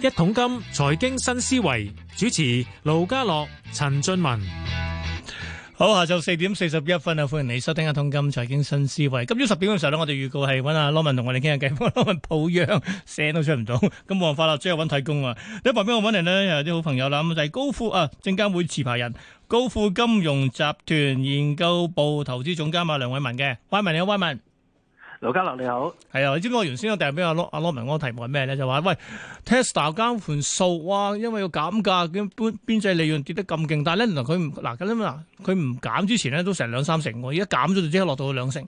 一桶金財經新思維主持盧家樂、陳俊文，好，下晝四點四十一分啊，歡迎你收聽一桶金財經新思維。今朝十點嘅時候我哋預告係搵阿羅文同我哋傾下偈。羅文抱恙，聲都出唔到，咁冇辦法啦，只有搵替工啊。喺旁邊我搵嚟有啲好朋友啦，咁就係、是、高富啊，證監會持牌人，高富金融集團研究部投資總監啊，梁偉民嘅，偉民你好偉民。劉家樂你好，係啊，你知唔知我原先有我掟俾阿阿羅文嗰個題目係咩咧？就話喂 Tesla 交盤數哇，因為要減價咁，邊邊際利潤跌得咁勁，但係咧，原來佢唔嗱咁嗱，佢唔減之前咧都成兩三成，而家減咗就即刻落到去兩成，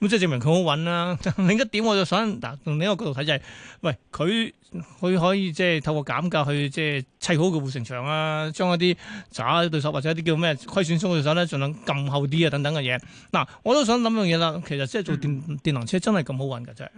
咁即係證明佢好穩啦、啊。另一點我就想，嗱，用另一個角度睇就係、是，喂佢。佢可以即係透過減價去即係砌好個護城牆啊，將一啲渣對手或者一啲叫咩虧損中嘅對手咧，盡量撳厚啲啊，等等嘅嘢。嗱，我都想諗樣嘢啦。其實即係做電電動車真係咁好揾㗎啫～真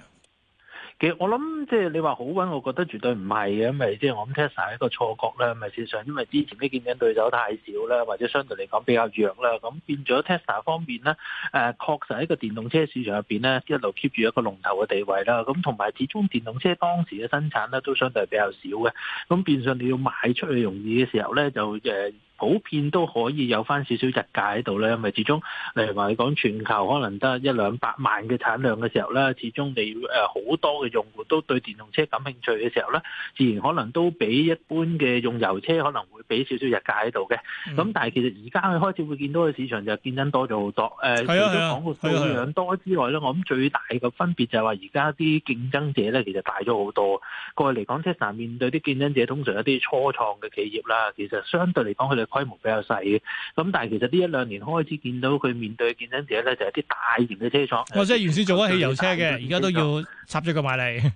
其實我諗即係你話好穩，我覺得絕對唔係嘅，因為即係我諗 Tesla 係一個錯覺啦，咪事實上，因為之前啲競爭對手太少啦，或者相對嚟講比較弱啦，咁變咗 Tesla 方面咧、呃，確實喺個電動車市場入面咧一路 keep 住一個龍頭嘅地位啦，咁同埋始終電動車當時嘅生產咧都相對比較少嘅，咁變相你要買出去容易嘅時候咧就、呃普遍都可以有翻少少日價喺度咧，因為始終，例如話你講全球可能得一兩百萬嘅產量嘅時候咧，始終你好多嘅用戶都對電動車感興趣嘅時候咧，自然可能都比一般嘅用油車可能會畀少少日價喺度嘅。咁、嗯、但係其實而家佢開始會見到嘅市場就競爭多咗好多。誒、啊，除咗講個數量多之外咧、啊啊啊，我諗最大嘅分別就係話而家啲競爭者咧其實大咗好多。過去嚟講 Tesla 面對啲競爭者，通常有啲初創嘅企業啦，其實相對嚟講佢哋。開幕比較細嘅。咁但係其實呢一兩年開始見到佢面對競爭者咧，就係啲大型嘅車廠。或者係原先做緊汽油車嘅，而家都要插咗個埋嚟。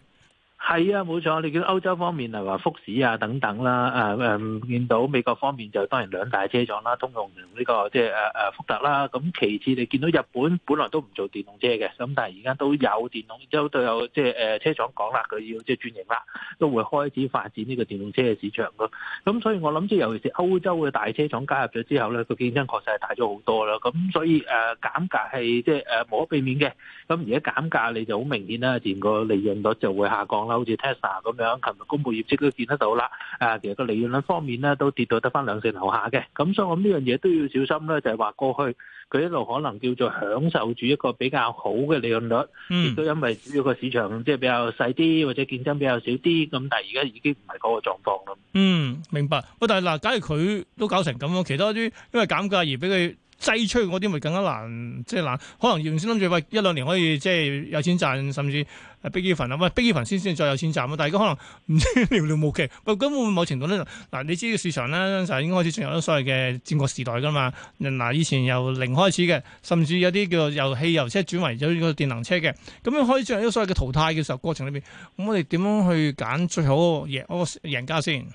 係啊，冇錯。你見到歐洲方面啊，話福士啊等等啦，誒、嗯、誒，見到美國方面就當然兩大車廠啦，通用呢、呢個即係、即係、福特啦。咁其次你見到日本本來都唔做電動車嘅，咁但係而家都有電動，之後都有即係誒車廠講啦，佢要即係轉型啦，都會開始發展呢個電動車嘅市場咯。咁所以我諗即係尤其是歐洲嘅大車廠加入咗之後咧，個競爭確實係大咗好多啦。咁所以誒減價係即係誒冇可避免嘅。咁而家減價你就好明顯啦，連個利潤率就會下降。好似 Tesla 咁樣，琴日公佈業績都見得到啦。誒，其實個利潤率方面咧，都跌到得翻兩成樓下嘅。咁所以我諗呢樣嘢都要小心咧。就係話過去佢一路可能叫做享受住一個比較好嘅利潤率，亦都因為主要個市場即係比較細啲或者競爭比較少啲。咁但係而家已經唔係嗰個狀況咯。嗯，明白。喂、哦，但係嗱，假如佢都搞成咁，其他啲因為減價而俾佢，擠出嗰啲咪更加難，即係難可能原先諗住喂一兩年可以即係有錢賺，甚至誒冰機粉啊，喂冰機粉先先再有錢賺啊。但係而家可能唔知遙遙無期。喂根本某程度咧，嗱你知個市場咧就已經開始進入咗所謂嘅戰國時代㗎嘛。嗱以前由零開始嘅，甚至有啲叫由汽油車轉為咗呢個電能車嘅，咁樣可以進入呢個所謂嘅淘汰嘅時候過程裏面。咁我哋點樣去揀最好嘢嗰個贏，贏家先？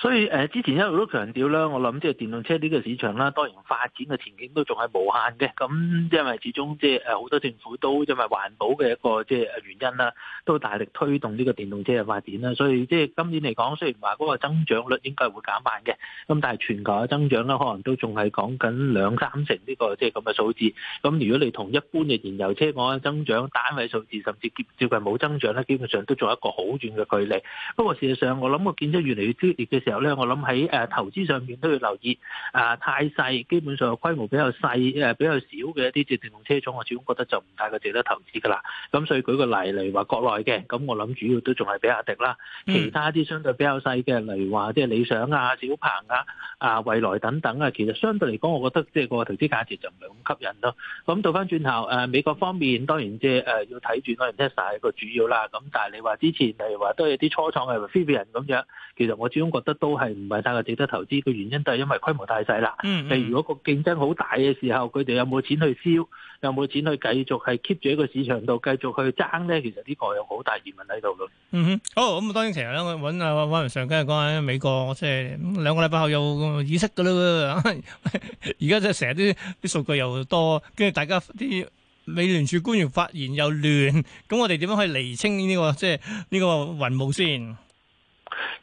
所以誒，之前一路都強調啦，我諗即係電動車呢個市場啦，當然發展嘅前景都仲係無限嘅。咁因為始終即係誒好多政府都因為環保嘅一個即係原因啦，都大力推動呢個電動車嘅發展啦。所以即係今年嚟講，雖然話嗰個增長率應該係會減慢嘅，咁但係全球嘅增長咧，可能都仲係講緊兩三成呢個即係咁嘅數字。咁如果你同一般嘅燃油車講增長單位數字，甚至接近冇增長咧，基本上都仲係一個好遠嘅距離。不過事實上，我諗我見得越嚟越激烈嘅時咧，我諗喺誒投資上面都要留意啊，太細，基本上個規模比較細誒、啊，比較少嘅一啲即係電動車廠，我始終覺得就唔太過值得投資㗎啦。咁所以舉個例嚟話國內嘅，咁我諗主要都仲係比亞迪啦，其他啲相對比較細嘅，例如話即係理想啊、小鵬啊、啊蔚來等等啊，其實相對嚟講，我覺得即係個投資價值就唔係咁吸引咯。咁倒翻轉頭誒、啊、美國方面，當然即係誒要睇住嗰個 Tesla 係個主要啦。咁但係你話之前例如話都有啲初創嘅，Rivian 咁樣，其實我始終覺得。都係唔係太過值得投資嘅原因，都係因為規模太細啦。譬、嗯嗯、如果個競爭好大嘅時候，佢哋有冇錢去燒，有冇錢去繼續係 keep 住喺個市場度繼續去爭咧？其實呢個有好大疑問喺度咯。嗯哼，好咁。當然成日咧揾啊，揾完上今日講下。美國，即、就、係、是、兩個禮拜後又有議息噶啦。而家即係成日啲啲數據又多，跟住大家啲美聯儲官員發言又亂。咁我哋點樣去以釐清呢、這個即係呢個雲霧先？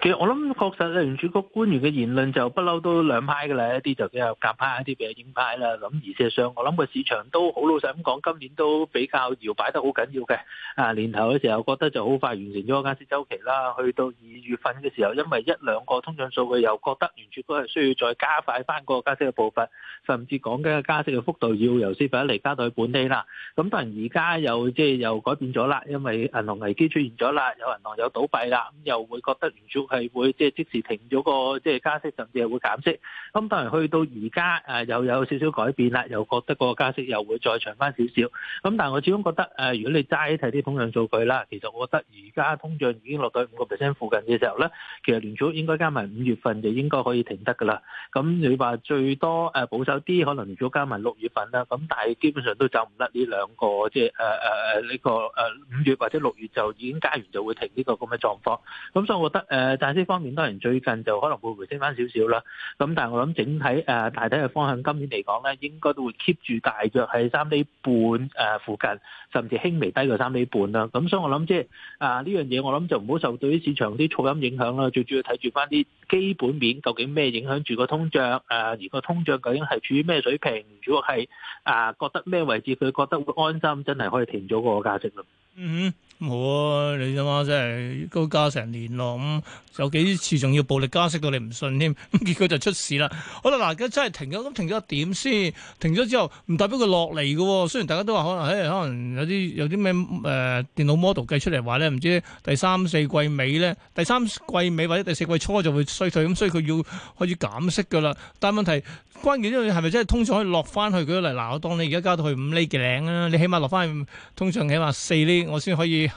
其實我諗確實，聯儲局官員嘅言論就不嬲都兩派㗎啦，一啲就比較夾派，一啲比較鷹派啦。咁而事實上我諗個市場都好老實咁講，今年都比較搖擺得好緊要嘅。啊年頭嘅時候覺得就好快完成咗個加息週期啦，去到二月份嘅時候，因為一兩個通脹數據又覺得聯儲局係需要再加快翻個加息嘅步伐，甚至講緊嘅加息嘅幅度要由先快嚟加到去本利啦。咁當然而家又即係、就是、又改變咗啦，因為銀行危機出現咗啦，有銀行有倒閉啦，咁又會覺得聯儲係會即係即時停咗個即係加息，甚至係會減息。咁但係去到而家誒又有少少改變啦，又覺得個加息又會再長翻少少。咁但係我始終覺得誒，如果你齋睇啲通脹數據啦，其實我覺得而家通脹已經落到五個 percent 附近嘅時候咧，其實聯儲應該加埋五月份就應該可以停得噶啦。咁你話最多誒保守啲，可能聯儲加埋六月份啦。咁但係基本上都走唔甩呢兩個即係誒誒誒呢個誒五月或者六月就已經加完就會停呢個咁嘅狀況。咁所以我覺得誒。但係呢方面當然最近就可能會回升翻少少啦，咁但係我諗整體誒大體嘅方向今年嚟講咧，應該都會 keep 住大約係三厘半誒附近，甚至輕微低過三厘半啦。咁所以我諗即係啊呢樣嘢，我諗就唔好受對於市場啲噪音影響啦，最主要睇住翻啲基本面究竟咩影響住個通脹？誒，而個通脹究竟係處於咩水平？如果係啊，覺得咩位置佢覺得會安心，真係可以停咗個加息咯。嗯，冇啊，你諗下真係高加成年咯，咁有幾次仲要暴力加息到你唔信添，咁結果就出事啦。好啦，嗱，真係停咗，咁停咗一點先？停咗之後唔代表佢落嚟噶，雖然大家都話可能，誒，可能有啲有啲咩誒電腦 model 計出嚟話咧，唔知第三四季尾咧，第三季尾或者第四季初就會。衰退咁，所以佢要開始減息噶啦。但係問題是關鍵，呢樣嘢係咪真係通脹可以落翻去嗰嚟？嗱，我當你而家加到去五厘嘅領啦，你起碼落翻去通脹起碼四厘，我先可以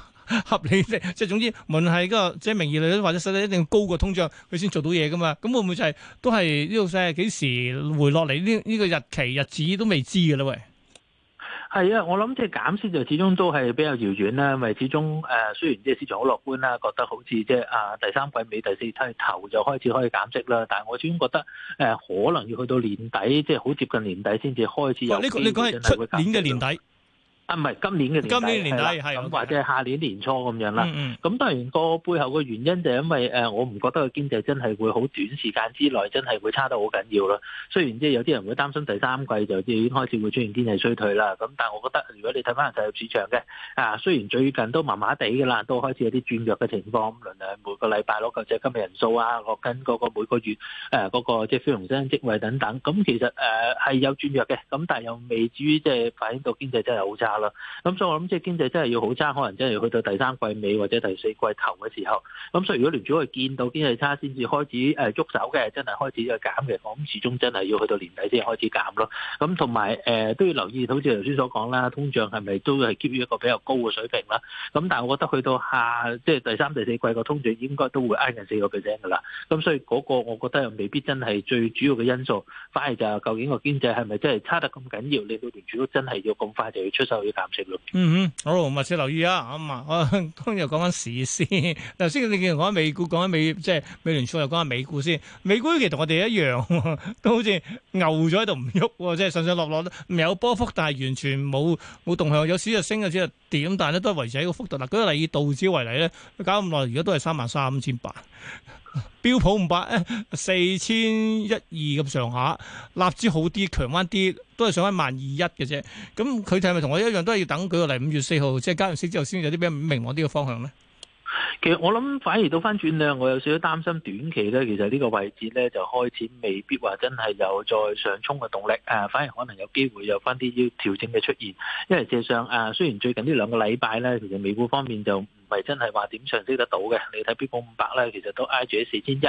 合理即係。總之，無論係嗰個即係名義利率或者實際一定要高過通脹，佢先做到嘢噶嘛。咁會唔會就係、是、都係呢度，即係幾時回落嚟呢？呢、呢個日期日子都未知噶啦喂。係啊，我諗即係減息就始終都係比較遙遠啦，因為始終誒、呃、雖然即係市場好樂觀啦，覺得好似即係啊第三季尾第四季頭就開始可以減息啦，但係我始終覺得誒、呃、可能要去到年底，即係好接近年底先至開始有機會減息。啊，唔係今年嘅年底，係咁或者係下年年初咁樣啦。咁、嗯嗯、當然個背後嘅原因就係因為誒，我唔覺得個經濟真係會好短時間之內真係會差得好緊要咯。雖然即係有啲人會擔心第三季就已經開始會出現經濟衰退啦。咁但係我覺得如果你睇翻踏入市場嘅啊，雖然最近都麻麻地嘅啦，都開始有啲轉弱嘅情況，輪嚟每個禮拜攞計，即係今日人數啊，落緊嗰個每個月誒嗰個即係非農新增職位等等。咁其實誒係有轉弱嘅，咁但係又未至於即係反映到經濟真係好差。咁所以我諗，即係經濟真係要好差，可能真係去到第三季尾或者第四季頭嘅時候。咁所以如果聯儲局見到經濟差，先至開始誒捉、呃、手嘅，真係開始要減嘅。我諗始終真係要去到年底先開始減咯。咁同埋誒都要留意，好似頭先所講啦，通脹係咪都係 keep 於一個比較高嘅水平啦？咁但係我覺得去到下即係第三、第四季個通脹應該都會挨近四個 percent 噶啦。咁所以嗰個我覺得又未必真係最主要嘅因素，反而就係究竟個經濟係咪真係差得咁緊要，令到聯儲局真係要咁快就要出手？淡咯。嗯哼，好密切留意啊！咁啊，今又講翻時事。頭先你見我喺美股講緊美，即係美聯儲又講下美股先。美股其實同我哋一樣，都好似牛咗喺度唔喐，即係上上落落都有波幅，但係完全冇冇動向。有時就升，有時就跌，但係咧都係維持喺個幅度。嗱，舉個例以道指為例咧，搞咁耐，而家都係三萬三千八。標普五百咧，四千一二咁上下，納指好啲，強翻啲，都係上翻萬二一嘅啫。咁佢哋係咪同我一樣，都係要等佢個嚟五月四號，即係加完息之後，先有啲咩明朗啲嘅方向咧？其實我諗反而到翻轉量，我有少少擔心短期咧。其實呢個位置咧就開始未必話真係有再上衝嘅動力啊，反而可能有機會有翻啲要調整嘅出現。因為事實上啊，雖然最近呢兩個禮拜咧，其實美股方面就。咪真係話點上升得到嘅？你睇標普五百咧，其實都挨住喺四千一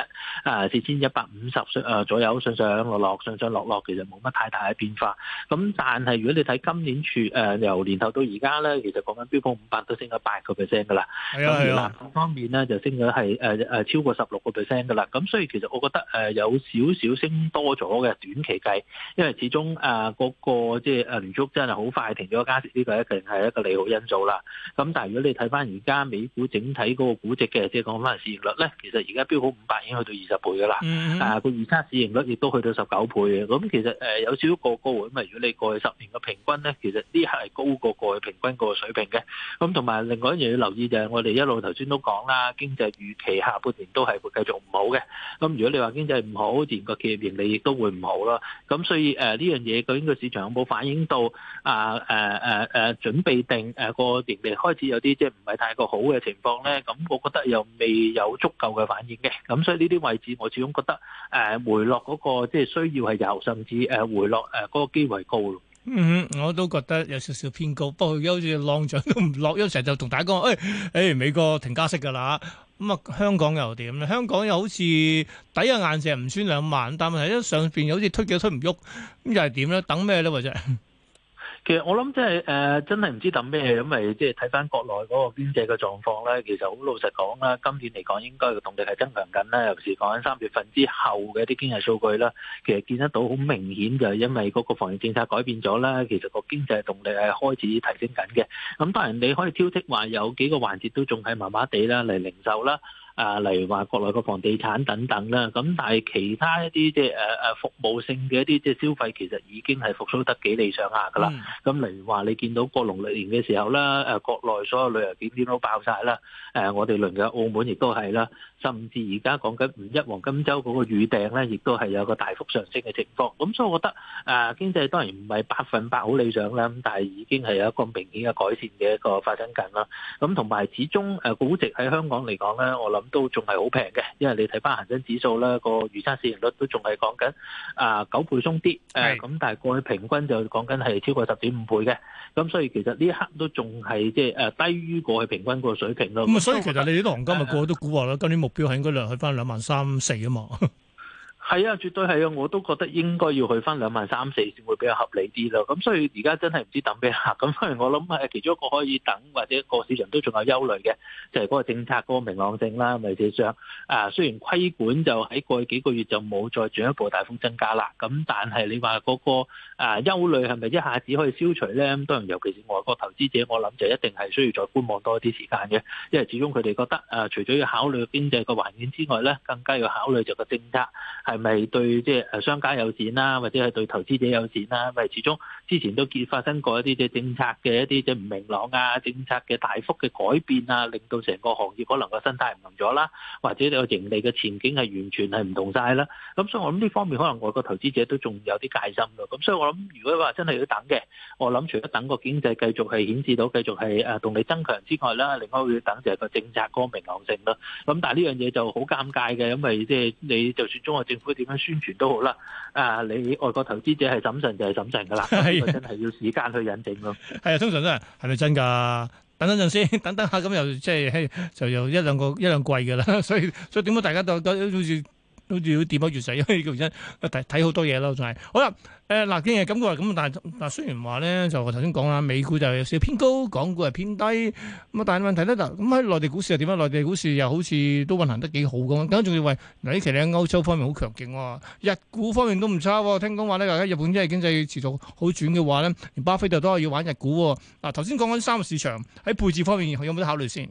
啊，四千一百五十上啊左右，上上落落，上上落落，其實冇乜太大嘅變化。咁但係如果你睇今年處誒、呃、由年頭到而家咧，其實講緊標普五百都升咗八個 percent 噶啦。咁、啊啊、而藍籌方面咧，就升咗係誒誒超過十六個 percent 噶啦。咁所以其實我覺得誒、呃、有少少升多咗嘅短期計，因為始終誒嗰、呃嗰個即係誒聯儲真係好快停咗加息呢、呢個一定係一個利好因素啦。咁但係如果你睇翻而家，美股整體嗰個估值嘅，即係講翻市盈率咧，其實而家標普五百已經去到二十倍噶啦，mm-hmm. 啊佢預測市盈率亦都去到十九倍嘅。咁其實誒有少少過高喎，咁啊如果你過去十年嘅平均咧，其實啲係高過過去平均個水平嘅。咁同埋另外一樣要留意就係我哋一路頭先都講啦，經濟預期下半年都係會繼續唔好嘅。咁如果你話經濟唔好，自然個企業盈利亦都會唔好咯。咁所以誒呢樣嘢究竟個市場有冇反映到啊誒誒誒準備定誒個，啊、盈利開始有啲即係唔係太過好？好嘅情況咧，咁我覺得又未有足夠嘅反應嘅，咁所以呢啲位置我始終覺得誒回落嗰個即係需要係由，甚至誒回落誒嗰個機會高咯。嗯我都覺得有少少偏高，不過好似浪漲都唔落，有時就同大家講，誒、哎、誒、哎，美國停加息㗎啦，咁啊香港又點咧？香港又好似底個硬石唔穿兩萬，但問題咧上邊又好似推幾推唔喐，咁又係點咧？等咩咧？或者……其實我諗即係誒，真係唔知等咩，咁咪即係睇翻國內嗰個經濟嘅狀況咧。其實好老實講啦，今年嚟講應該個動力係增強緊啦。尤其是講緊三月份之後嘅啲經濟數據啦，其實見得到好明顯就係因為嗰個防疫政策改變咗啦。其實個經濟動力係開始提升緊嘅。咁當然你可以挑剔話有幾個環節都仲係麻麻地啦，嚟零售啦。啊，例如話國內個房地產等等啦，咁但係其他一啲即係誒誒服務性嘅一啲即係消費，其實已經係復甦得幾理想下㗎喇。咁例如話你見到過農曆年嘅時候咧，誒國內所有旅遊景點都爆曬啦，誒我哋鄰近澳門亦都係啦，甚至而家講緊五一黃金週嗰個預訂咧，亦都係有個大幅上升嘅情況。咁所以我覺得誒經濟當然唔係百分百好理想啦，咁但係已經係有一個明顯嘅改善嘅一個發生緊啦。咁同埋始終誒估值喺香港嚟講咧，我諗，都仲係好平嘅，因為你睇翻恒生指數咧，個預測市盈率都仲係講緊啊九倍鬆啲，誒咁，但係過去平均就講緊係超過十點五倍嘅，咁所以其實呢一刻都仲係即係誒低於過去平均個水平咯。咁啊，所以其實你啲行家咪過去都估話啦，今年目標係應該落去翻兩萬三四啊嘛。係啊，絕對係啊，我都覺得應該要去翻兩萬三四先會比較合理啲咯。咁所以而家真係唔知等咩下、啊。咁所以我諗係其中一個可以等，或者一個市場都仲有憂慮嘅，就係、是、嗰個政策嗰個明朗性啦。咪、就、其是想啊，雖然規管就喺過去幾個月就冇再進一步大幅增加啦。咁但係你話嗰個啊憂慮係咪一下子可以消除咧？當然，尤其是外國投資者，我諗就一定係需要再觀望多啲時間嘅，因為始終佢哋覺得啊，除咗要考慮經濟個環境之外咧，更加要考慮就個政策係係對即係誒商家友善啦，或者係對投資者友善啦。因為始終之前都見發生過一啲即係政策嘅一啲即係唔明朗啊，政策嘅大幅嘅改變啊，令到成個行業可能個生態唔同咗啦，或者你個盈利嘅前景係完全係唔同曬啦。咁所以我諗呢方面可能外國投資者都仲有啲戒心咯。咁所以我諗如果話真係要等嘅，我諗除咗等個經濟繼續係顯示到繼續係誒動力增強之外啦，另外會要等就係個政策光明朗性咯。咁但係呢樣嘢就好尷尬嘅，因為即係你就算中國政府。佢點樣宣傳都好啦，啊！你外國投資者係審慎就係審慎噶啦，所以真係要時間去引證咯。係 啊，通常都係係咪真㗎？等等陣先，等等下咁，又即係就又一兩個一兩季㗎啦。所以所以點解大家都都好似？好似要點樣越滯？因為原因睇睇好多嘢咯，仲係好啦。誒嗱，既然係咁嘅話咁，但係嗱，雖然話咧就頭先講啦，美股就有少偏高，港股係偏低。咁啊，但係問題咧嗱，咁喺內地股市又點啊？內地股市又好似都運行得幾好咁。咁仲要喂嗱，呢期咧歐洲方面好強勁喎，日股方面都唔差。聽講話咧，大家日本真係經濟持續好轉嘅話咧，連巴菲特都係要玩日股。嗱，頭先講緊三個市場喺配置方面有冇得考慮先？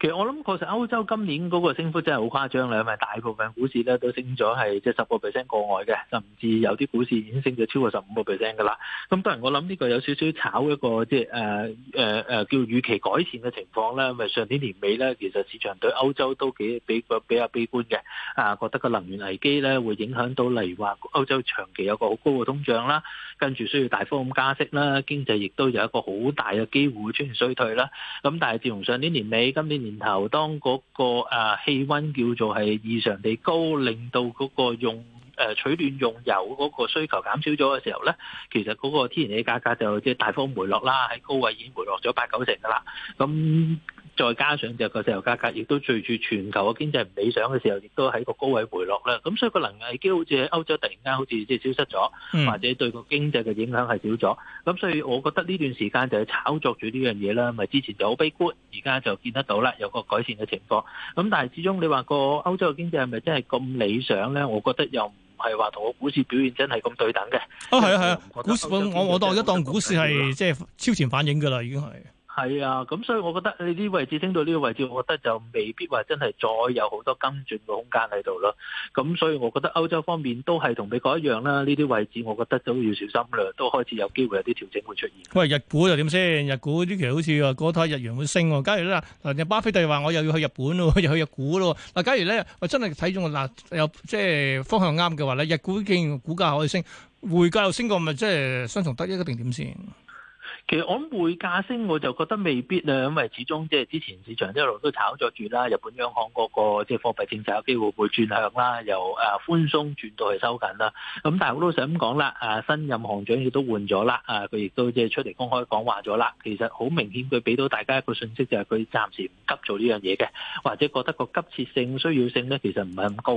其實我諗，確實歐洲今年嗰個升幅真係好誇張啦，咪大部分股市咧都升咗，係即係十個 percent 過外嘅，甚至有啲股市已經升咗超過十五個 percent 噶啦。咁當然我諗呢個有少少炒一個即係誒誒誒叫預期改善嘅情況咧，咪上年年尾咧，其實市場對歐洲都幾比比比較悲觀嘅，啊，覺得個能源危機咧會影響到，例如話歐洲長期有個好高嘅通脹啦，跟住需要大幅咁加息啦，經濟亦都有一個好大嘅機會出現衰退啦。咁但係自從上年年尾今呢年頭，當嗰個啊氣温叫做係異常地高，令到嗰個用。誒取暖用油嗰個需求減少咗嘅時候咧，其實嗰個天然氣價格就即係大幅回落啦，喺高位已經回落咗八九成噶啦。咁再加上就個石油價格亦都隨住全球嘅經濟唔理想嘅時候，亦都喺個高位回落啦。咁所以個能源危機好似喺歐洲突然間好似即係消失咗，或者對個經濟嘅影響係少咗。咁所以我覺得呢段時間就係炒作住呢樣嘢啦，咪之前就好悲觀，而家就見得到啦，有個改善嘅情況。咁但係始終你話個歐洲嘅經濟係咪真係咁理想咧？我覺得又～係話同個股市表現真係咁對等嘅。啊，係啊係啊，股市、嗯、我我當而家當股市係即係超前反應噶啦，已經係。係啊，咁所以我覺得呢啲位置升到呢個位置，我覺得就未必話真係再有好多跟轉嘅空間喺度咯。咁所以我覺得歐洲方面都係同美國一樣啦。呢啲位置我覺得都要小心啦，都開始有機會有啲調整會出現。喂，日股又點先？日股呢期好似話嗰批日元會升。假如咧，嗱，巴菲特話我又要去日本咯，又去日股咯。嗱，假如咧，我真係睇中嗱有即係方向啱嘅話咧，日股竟然股價可以升，匯價又升過，咪即係雙重得益一定點先？其實我諗會價升，我就覺得未必啦，因為始終即係之前市場一路都炒作住啦，日本央行嗰個即係貨幣政策有機會會會轉向啦，由誒寬鬆轉到去收緊啦。咁但係我都想咁講啦，誒新任行長亦都換咗啦，啊佢亦都即係出嚟公開講話咗啦。其實好明顯佢俾到大家一個訊息，就係佢暫時唔急做呢樣嘢嘅，或者覺得個急切性、需要性咧其實唔係咁高。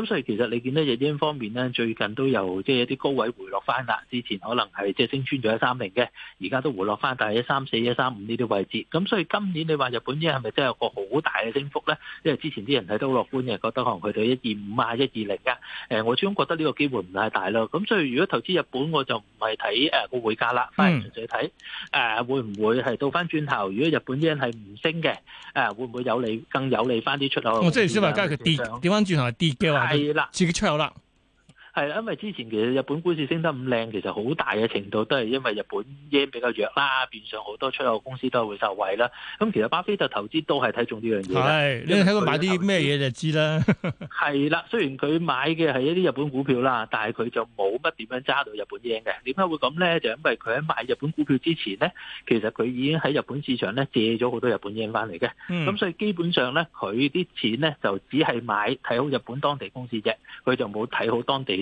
咁所以其實你見到日經方面咧最近都由即係一啲高位回落返啦，之前可能係即係升穿咗一三零嘅。而家，都回落翻，但係一三四、一三五呢啲位置，咁所以今年你話日本 yen 係咪真係有個好大嘅升幅咧？因為之前啲人睇都好樂觀嘅，覺得可能佢到一二五啊、一二零啊，誒，我始終覺得呢個機會唔太大咯。咁所以如果投資日本，我就唔係睇誒個匯價啦，反而純粹睇誒會唔會係到翻轉頭？如果日本 yen 係唔升嘅，誒、呃、會唔會有利更有利翻啲出口、哦？我即係想話，假如佢跌，跌翻轉頭係跌嘅話，係啦，自己出口啦。係，因為之前其實日本股市升得咁靚，其實好大嘅程度都係因為日本 yen 比較弱啦，變相好多出口公司都係會受惠啦。咁其實巴菲特投資都係睇中呢樣嘢嘅。係，你睇佢買啲咩嘢就知啦。係 啦，雖然佢買嘅係一啲日本股票啦，但係佢就冇乜點樣揸到日本 yen 嘅。點解會咁咧？就因為佢喺買日本股票之前咧，其實佢已經喺日本市場咧借咗好多日本 yen 翻嚟嘅。咁、嗯、所以基本上咧，佢啲錢咧就只係買睇好日本當地公司啫，佢就冇睇好當地。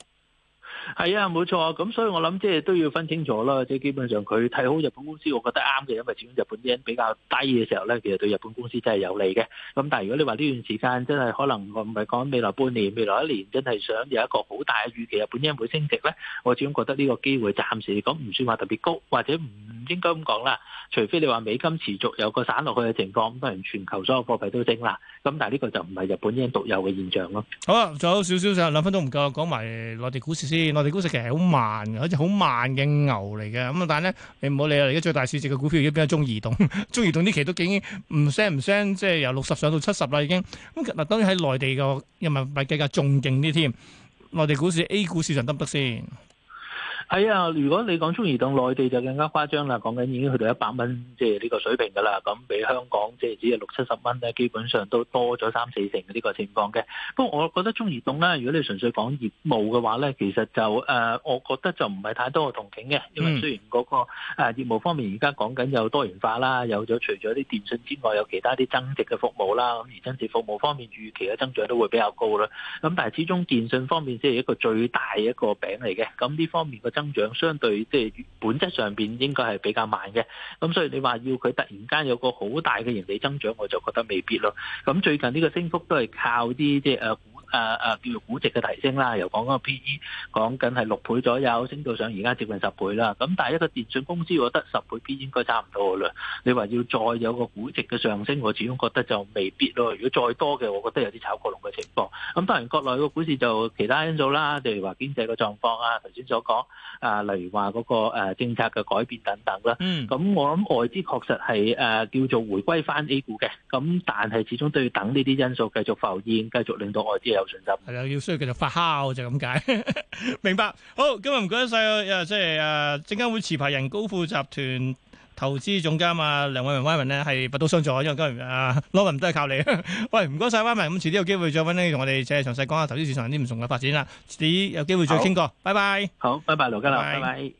係啊，冇錯。咁所以我諗，即係都要分清楚啦。即係基本上，佢睇好日本公司，我覺得啱嘅，因為始終日本 yen 比較低嘅時候咧，其實對日本公司真係有利嘅。咁但係如果你話呢段時間真係可能我唔係講未來半年、未來一年，真係想有一個好大嘅預期日本 yen 會升值咧，我始終覺得呢個機會暫時嚟講唔算話特別高，或者唔應該咁講啦。除非你話美金持續有個散落去嘅情況，當然全球所有貨幣都升啦。咁但係呢個就唔係日本 yen 獨有嘅現象咯。好啦，仲有少少嘅兩分鐘唔夠，講埋內地股市先。內地股市其實係好慢嘅，好似好慢嘅牛嚟嘅咁啊。但係咧，你唔好理啦。而家最大市值嘅股票已經變咗中移動， 中移動呢期都已經唔升唔升，即係由六十上到七十啦。已經咁嗱，當然喺內地嘅人民幣價格仲勁啲添。內地股市 A 股市場得唔得先？係啊，如果你講中移動內地就更加誇張啦，講緊已經去到一百蚊，即係呢個水平㗎啦。咁比香港即係只係六七十蚊咧，基本上都多咗三四成嘅呢個情況嘅。不過我覺得中移動咧，如果你純粹講業務嘅話咧，其實就誒，我覺得就唔係太多嘅同情嘅，因為雖然嗰個業務方面而家講緊有多元化啦，有咗除咗啲電信之外，有其他啲增值嘅服務啦，咁而增值服務方面預期嘅增長都會比較高啦。咁但係始終電信方面先係一個最大嘅一個餅嚟嘅，咁呢方面嘅增增長相對，即係本質上邊應該係比較慢嘅，咁所以你話要佢突然間有個好大嘅盈利增長，我就覺得未必咯。咁最近呢個升幅都係靠啲即係。誒、呃。誒誒，叫做估值嘅提升啦，由講緊個 PE，講緊係六倍左右，升到上而家接近十倍啦。咁但係一個電信公司，我覺得十倍 PE 應該差唔多嘅啦。你話要再有個估值嘅上升，我始終覺得就未必咯。如果再多嘅，我覺得有啲炒過龍嘅情況。咁當然國內個股市就其他因素啦，例如話經濟嘅狀況啊，頭先所講啊，例如話嗰個誒政策嘅改變等等啦。嗯。咁我諗外資確實係誒叫做回歸翻 A 股嘅，咁但係始終都要等呢啲因素繼續浮現，繼續令到外資有。係要需要叫做發酵就咁、是、解。 明白。好，今日唔該晒，啊。即係誒，證監會持牌人高富集團投資總監啊，梁偉民，Y 文咧係拔刀相助，因為今日阿羅文都係靠你。 喂，唔該晒，y 文。咁遲啲有機會再搵咧，同我哋即係詳細講下投資市場啲唔同嘅發展啦。遲啲有機會再傾過，拜拜。好，拜拜，羅家騮，拜拜。拜拜。